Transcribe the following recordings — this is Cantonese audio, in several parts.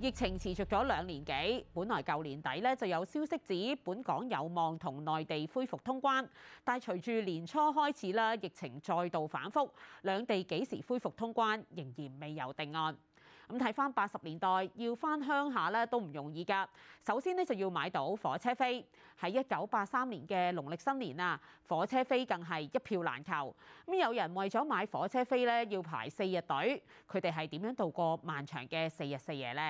疫情持續咗兩年幾，本來舊年底咧就有消息指本港有望同內地恢復通關，但隨住年初開始啦，疫情再度反覆，兩地幾時恢復通關仍然未有定案。咁睇返八十年代，要返鄉下咧都唔容易㗎。首先呢，就要買到火車飛，喺一九八三年嘅農曆新年啊，火車飛更係一票難求。咁有人為咗買火車飛咧要排四日隊，佢哋係點樣度過漫長嘅四日四夜呢？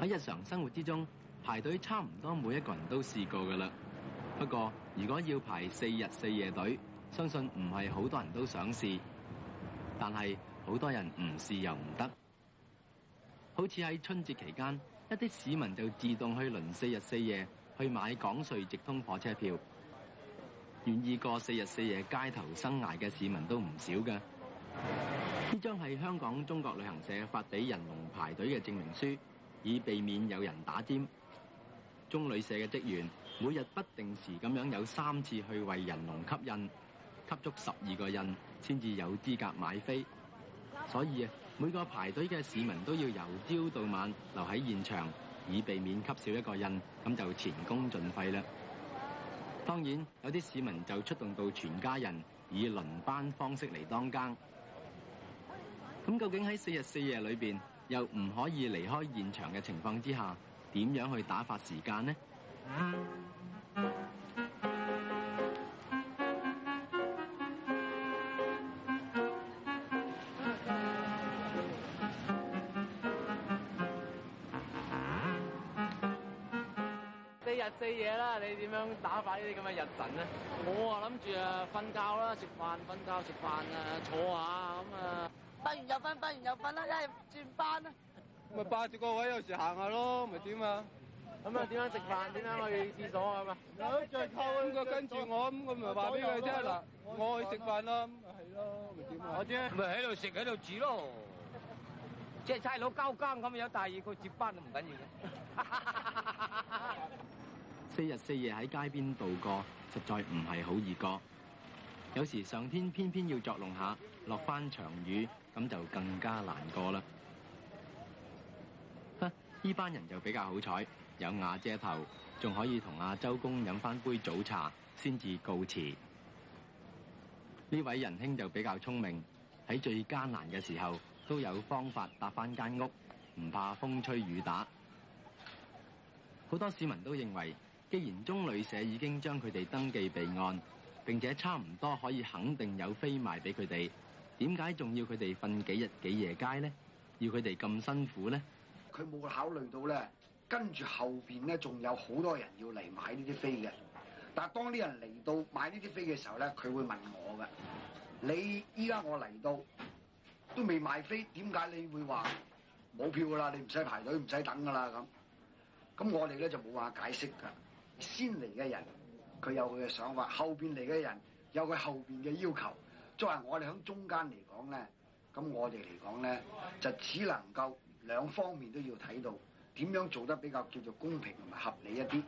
喺日常生活之中排隊差唔多每一個人都試過㗎啦。不過如果要排四日四夜隊，相信唔係好多人都想試，但係好多人唔試又唔得。好似喺春節期間，一啲市民就自動去輪四日四夜去買港穗直通火車票，願意過四日四夜街頭生涯嘅市民都唔少嘅。呢張係香港中國旅行社發俾人龍排隊嘅證明書，以避免有人打尖。中旅社嘅職員每日不定時咁樣有三次去為人龍吸印，吸足十二個印先至有資格買飛，所以啊。每個排隊嘅市民都要由朝到晚留喺現場，以避免吸少一個印，咁就前功盡廢啦。當然，有啲市民就出動到全家人，以輪班方式嚟當更。咁究竟喺四日四夜裏面，又唔可以離開現場嘅情況之下，點樣去打發時間呢？四夜啦，你點樣打發呢啲咁嘅日神啊？我啊諗住啊瞓覺啦，食飯瞓覺食飯啊，坐下咁啊。瞓完又瞓，瞓完又瞓啦，一係轉班啦。咪霸住個位，有時行下咯，咪點啊？咁啊，點樣食飯？點樣去廁所啊？咁啊，再偷個跟住我咁，咁咪話俾佢聽？嗱，我去食飯啦，咪係咯，咪點啊？咪喺度食喺度煮咯，即係差佬交更咁有第二個接班都唔緊要嘅。四日四夜喺街邊度過，實在唔係好易過。有時上天偏偏要作弄下，落翻場雨，咁就更加難過啦。呢班人就比較好彩，有瓦遮頭，仲可以同阿周公飲翻杯早茶，先至告辭。呢位仁兄就比較聰明，喺最艱難嘅時候都有方法搭翻間屋，唔怕風吹雨打。好多市民都認為，既然中旅社已經將佢哋登記備案，並且差唔多可以肯定有飛賣俾佢哋，點解仲要佢哋瞓幾日幾夜街咧？要佢哋咁辛苦咧？佢冇考慮到咧，跟住後邊咧仲有好多人要嚟買呢啲飛嘅。但係當啲人嚟到買呢啲飛嘅時候咧，佢會問我嘅：你依家，我嚟到都未買飛，點解你會話冇票㗎啦？你唔使排隊唔使等㗎啦咁。咁我哋咧就冇話解釋㗎。先嚟嘅人，佢有佢嘅想法；後邊嚟嘅人有佢後邊嘅要求。作為我哋響中間嚟講咧，咁我哋嚟講咧，就只能夠兩方面都要睇到，點樣做得比較叫做公平同埋合理一啲。